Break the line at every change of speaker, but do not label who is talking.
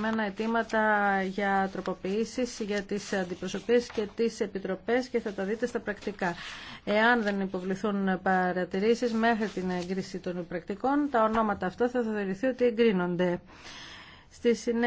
συγκεκριμένα αιτήματα για τροποποιήσεις για τι αντιπροσωπείες και τι επιτροπέ, και θα τα δείτε στα πρακτικά. Εάν δεν υποβληθούν παρατηρήσει μέχρι την έγκριση των πρακτικών, τα ονόματα αυτά θα θεωρηθεί ότι εγκρίνονται. Στη συνέχεια